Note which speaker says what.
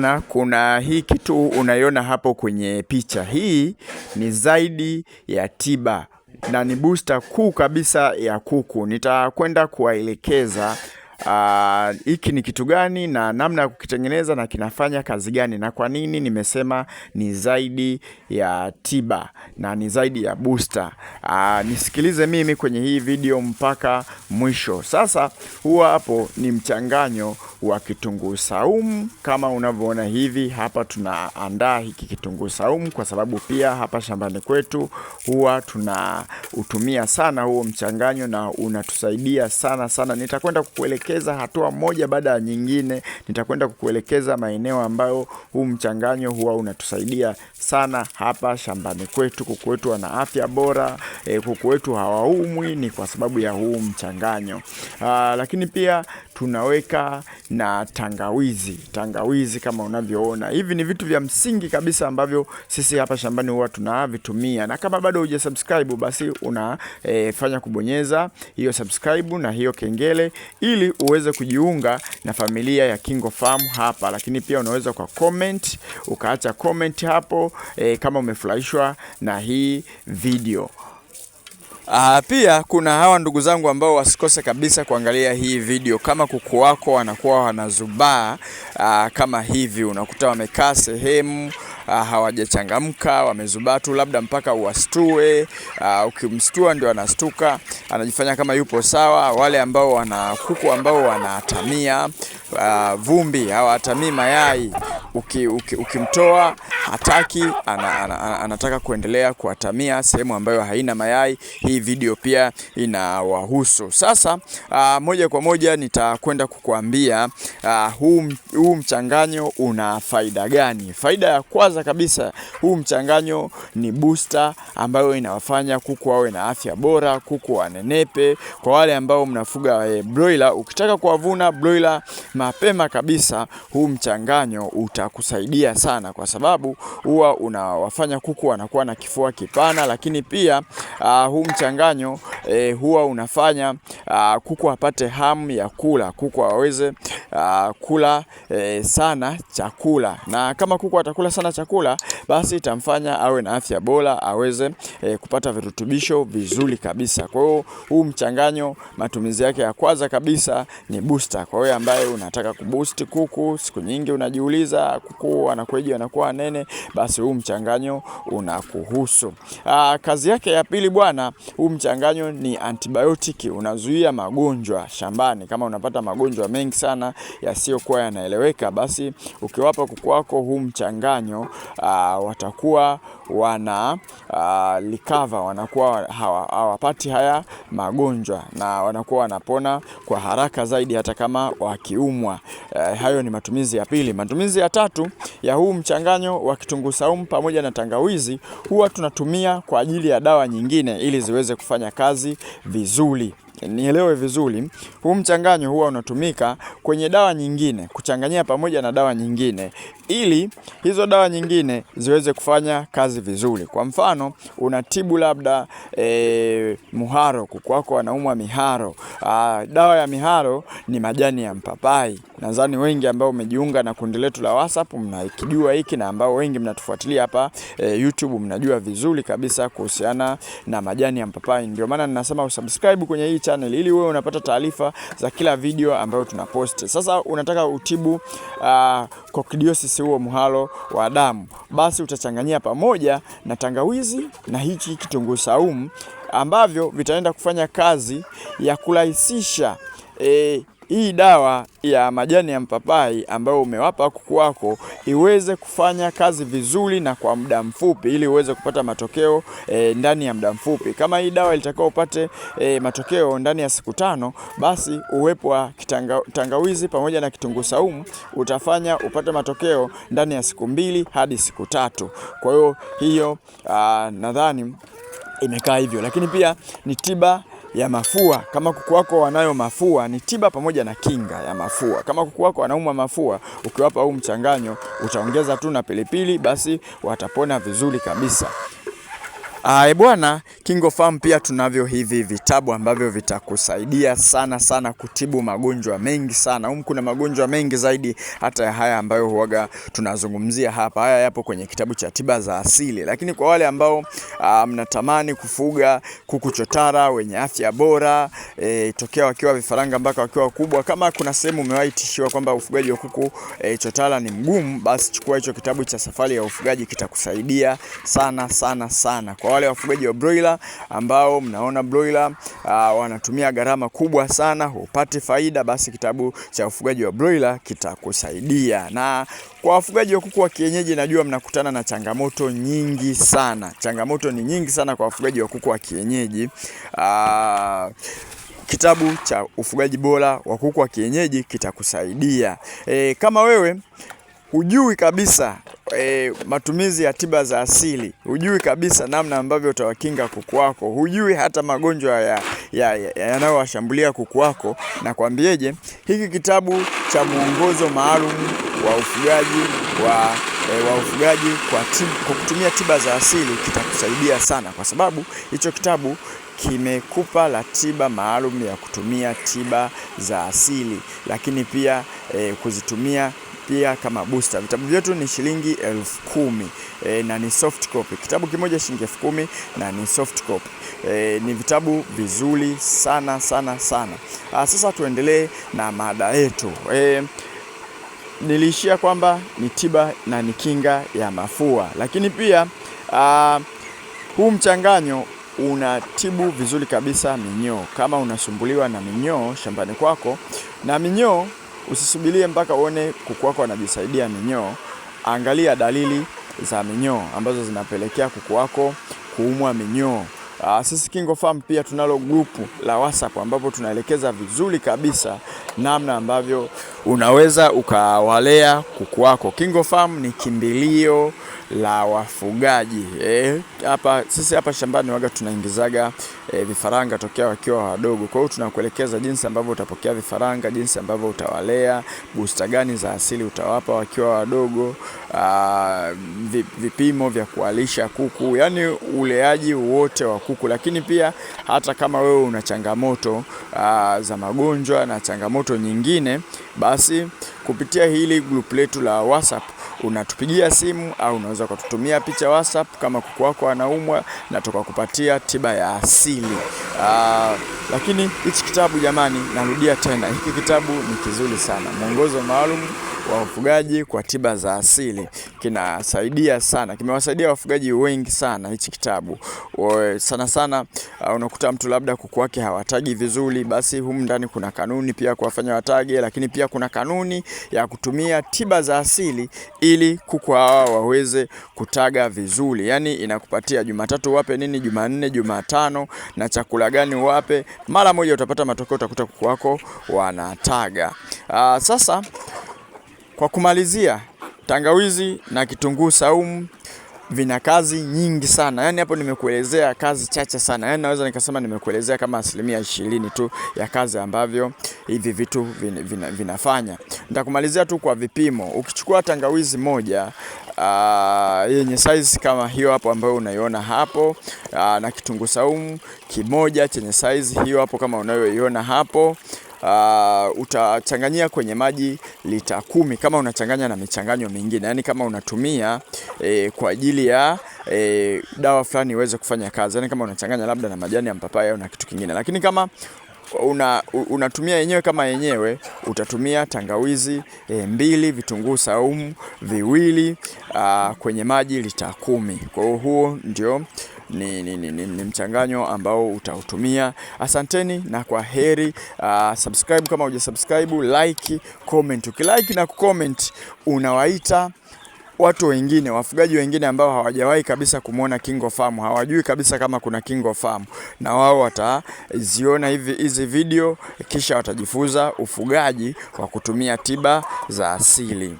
Speaker 1: Na kuna hii kitu unaiona hapo kwenye picha hii ni zaidi ya tiba na ni booster kuu kabisa ya kuku. Nitakwenda kuwaelekeza Ah, hiki uh, ni kitu gani na namna ya kukitengeneza na kinafanya kazi gani, na kwa nini nimesema ni zaidi ya tiba na ni zaidi ya booster. Uh, nisikilize mimi kwenye hii video mpaka mwisho. Sasa huwa hapo ni mchanganyo wa kitunguu saumu kama unavyoona hivi hapa. Tunaandaa hiki kitunguu saumu kwa sababu pia hapa shambani kwetu huwa tunautumia sana huo mchanganyo, na unatusaidia sana sana. Nitakwenda kukuele kukuelekeza hatua moja baada ya nyingine. Nitakwenda kukuelekeza maeneo ambayo huu mchanganyo huwa unatusaidia sana hapa shambani kwetu. Kuku wetu wana afya bora, e, kuku wetu hawaumwi ni kwa sababu ya huu mchanganyo. Aa, ah, lakini pia tunaweka na tangawizi. Tangawizi kama unavyoona, hivi ni vitu vya msingi kabisa ambavyo sisi hapa shambani huwa tunavitumia, na kama bado hujasubscribe basi unafanya eh, e, kubonyeza hiyo subscribe na hiyo kengele ili uweze kujiunga na familia ya Kingo Farm hapa, lakini pia unaweza kwa comment ukaacha comment hapo e, kama umefurahishwa na hii video. Uh, pia kuna hawa ndugu zangu ambao wasikose kabisa kuangalia hii video. Kama kuku wako wanakuwa wanazubaa uh, kama hivi unakuta wamekaa sehemu Ah, hawajachangamka, wamezubatu, labda mpaka uwastue. Ah, ukimstua ndio anastuka, anajifanya kama yupo sawa. Wale ambao wana kuku ambao wanatamia ah, vumbi, hawatamii mayai, ukimtoa uki, uki hataki, ana, ana, ana, anataka kuendelea kuatamia sehemu ambayo haina mayai. Hii video pia inawahusu. Sasa aa, moja kwa moja nitakwenda kukuambia huu, huu mchanganyo una faida gani. Faida ya kwanza kwanza kabisa huu mchanganyo ni booster ambayo inawafanya kuku wawe na afya bora, kuku wanenepe. Kwa wale ambao mnafuga e, broiler, ukitaka kuwavuna broiler mapema kabisa, huu mchanganyo utakusaidia sana, kwa sababu huwa unawafanya kuku wanakuwa na kifua kipana, lakini pia uh, huu mchanganyo e, huwa unafanya uh, kuku apate hamu ya kula, kuku aweze uh, kula eh, sana chakula, na kama kuku atakula sana chakula, basi itamfanya awe na afya bora, aweze eh, kupata virutubisho vizuri kabisa. Kwa hiyo huu mchanganyo, matumizi yake ya kwanza kabisa ni booster. Kwa hiyo ambaye unataka kuboost kuku, siku nyingi unajiuliza kuku anakweje, anakuwa nene, basi huu mchanganyo unakuhusu. Uh, kazi yake ya pili bwana, huu mchanganyo ni antibiotiki, unazuia magonjwa shambani. Kama unapata magonjwa mengi sana yasiyokuwa yanaeleweka, basi ukiwapa kuku wako huu mchanganyo uh, watakuwa wana uh, ah, likava, wanakuwa hawapati haya magonjwa na wanakuwa wanapona kwa haraka zaidi hata kama wakiumwa. Uh, hayo ni matumizi ya pili. Matumizi ya tatu ya huu mchanganyo wa kitunguu saumu pamoja na tangawizi huwa tunatumia kwa ajili ya dawa nyingine ili ziweze kufanya kazi vizuri nielewe vizuri, huu mchanganyo huwa unatumika kwenye dawa nyingine, kuchanganyia pamoja na dawa nyingine ili hizo dawa nyingine ziweze kufanya kazi vizuri. Kwa mfano, unatibu labda e, muharo, kuku wako anaumwa miharo. Aa, ah, dawa ya miharo ni majani ya mpapai. Nadhani wengi ambao umejiunga na kundi letu la WhatsApp mnakijua hiki na ambao wengi mnatufuatilia hapa e, YouTube mnajua vizuri kabisa kuhusiana na majani ya mpapai. Ndio maana ninasema usubscribe kwenye hii channel ili wewe unapata taarifa za kila video ambayo tunaposti. Sasa unataka utibu uh, ah, kokidiosis basi huo mhalo wa damu, basi utachanganyia pamoja na tangawizi na hichi kitunguu saumu ambavyo vitaenda kufanya kazi ya kurahisisha e, hii dawa ya majani ya mpapai ambayo umewapa kuku wako iweze kufanya kazi vizuri na kwa muda mfupi, ili uweze kupata matokeo e, ndani ya muda mfupi. Kama hii dawa ilitakiwa upate e, matokeo ndani ya siku tano, basi uwepo wa tangawizi pamoja na kitunguu saumu utafanya upate matokeo ndani ya siku mbili hadi siku tatu. Kwa hiyo hiyo ah, nadhani imekaa hivyo, lakini pia ni tiba ya mafua. Kama kuku wako wanayo mafua, ni tiba pamoja na kinga ya mafua. Kama kuku wako wanauma mafua, ukiwapa huu mchanganyo, utaongeza tu na pilipili, basi watapona vizuri kabisa. Uh, bwana KingoFarm pia tunavyo hivi vitabu ambavyo vitakusaidia sana sana kutibu magonjwa mengi sana. Humu kuna magonjwa mengi zaidi hata ya haya ambayo huaga tunazungumzia hapa. Haya yapo kwenye kitabu cha tiba za asili. Lakini kwa wale ambao ah, mnatamani kufuga kuku chotara wenye afya bora e, tokea wakiwa vifaranga mpaka wakiwa kubwa kama kuna sehemu umewahi tishiwa kwamba ufugaji wa kuku e, chotara ni mgumu, basi chukua hicho kitabu cha safari ya ufugaji, kitakusaidia sana sana sana kwa wale wafugaji wa broiler ambao mnaona broiler uh, wanatumia gharama kubwa sana, hupati faida, basi kitabu cha ufugaji wa broiler kitakusaidia. Na kwa wafugaji wa kuku wa kienyeji, najua mnakutana na changamoto nyingi sana. Changamoto ni nyingi sana kwa wafugaji wa kuku wa kienyeji uh, kitabu cha ufugaji bora wa kuku wa kienyeji kitakusaidia. E, kama wewe hujui kabisa e, matumizi ya tiba za asili, hujui kabisa namna ambavyo utawakinga kuku wako, hujui hata magonjwa yanayowashambulia ya, ya, ya kuku wako, na kwambieje, hiki kitabu cha mwongozo maalum wa ufugaji wa E, wa ufugaji kwa, kwa kutumia tiba za asili kitakusaidia sana, kwa sababu hicho kitabu kimekupa ratiba maalum ya kutumia tiba za asili, lakini pia e, kuzitumia pia kama booster. Vitabu vyetu ni shilingi elfu kumi e, na ni soft copy. Kitabu kimoja shilingi elfu kumi na ni soft copy. E, ni vitabu vizuri sana sana sana. A, sasa tuendelee na mada yetu e, niliishia kwamba ni tiba na ni kinga ya mafua, lakini pia a, huu mchanganyo unatibu vizuri kabisa minyoo. Kama unasumbuliwa na minyoo shambani kwako na minyoo Usisubirie mpaka uone kuku wako anajisaidia minyoo. Angalia dalili za minyoo ambazo zinapelekea kuku wako kuumwa minyoo. Uh, sisi Kingo Farm pia tunalo grupu la WhatsApp ambapo tunaelekeza vizuri kabisa namna ambavyo unaweza ukawalea kuku wako. Kingo Farm ni kimbilio la wafugaji eh? hapa eh. Sisi hapa shambani waga tunaingizaga eh, vifaranga tokea wakiwa wadogo. Kwa hiyo tunakuelekeza jinsi ambavyo utapokea vifaranga, jinsi ambavyo utawalea, booster gani za asili utawapa wakiwa wadogo, uh, vipimo vya kuwalisha kuku, yaani uleaji wote wa kuku kuku, lakini pia hata kama wewe una changamoto ah, za magonjwa na changamoto nyingine, basi kupitia hili group letu la WhatsApp unatupigia simu au unaweza ukatutumia picha WhatsApp kama kuku wako anaumwa na tukakupatia tiba ya asili. Aa, ah, lakini hichi kitabu jamani, narudia tena, hiki kitabu ni kizuri sana, mwongozo maalum wa ufugaji kwa tiba za asili. Kinasaidia sana, kimewasaidia wafugaji wengi sana hichi kitabu. Sana sana uh, unakuta mtu labda kuku wake hawatagi vizuri, basi humu ndani kuna kanuni pia kuwafanya watage, lakini pia kuna kanuni ya kutumia tiba za asili ili kuku hawa waweze kutaga vizuri. Yani inakupatia Jumatatu wape nini, Jumanne, Jumatano na chakula gani wape, mara moja utapata matokeo, utakuta kuku wako wanataga. Aa, uh, sasa kwa kumalizia, tangawizi na kitunguu saumu vina kazi nyingi sana. Yaani hapo nimekuelezea kazi chache sana, yaani naweza nikasema nimekuelezea kama asilimia ishirini tu ya kazi ambavyo hivi vitu vin, vin, vinafanya. Nitakumalizia tu kwa vipimo. Ukichukua tangawizi moja Uh, yenye size kama hiyo hapo ambayo unaiona hapo uh, na kitunguu saumu kimoja chenye size hiyo hapo kama unayoiona hapo uh, utachanganyia kwenye maji lita kumi kama unachanganya na michanganyo mingine, yani kama unatumia e, kwa ajili ya e, dawa fulani iweze kufanya kazi, yani kama unachanganya labda na majani ya mpapaya au na kitu kingine, lakini kama una unatumia yenyewe kama yenyewe utatumia tangawizi e, mbili, vitunguu saumu viwili, a, uh, kwenye maji lita kumi. Kwa hiyo huo ndio ni, ni, ni, ni, ni mchanganyo ambao utautumia. Asanteni na kwa heri. Uh, subscribe kama hujasubscribe, like, comment. Ukilike na kucomment unawaita watu wengine wafugaji wengine ambao hawajawahi kabisa kumwona Kingo Farm, hawajui kabisa kama kuna Kingo Farm, na wao wataziona hivi hizi video, kisha watajifunza ufugaji kwa kutumia tiba za asili.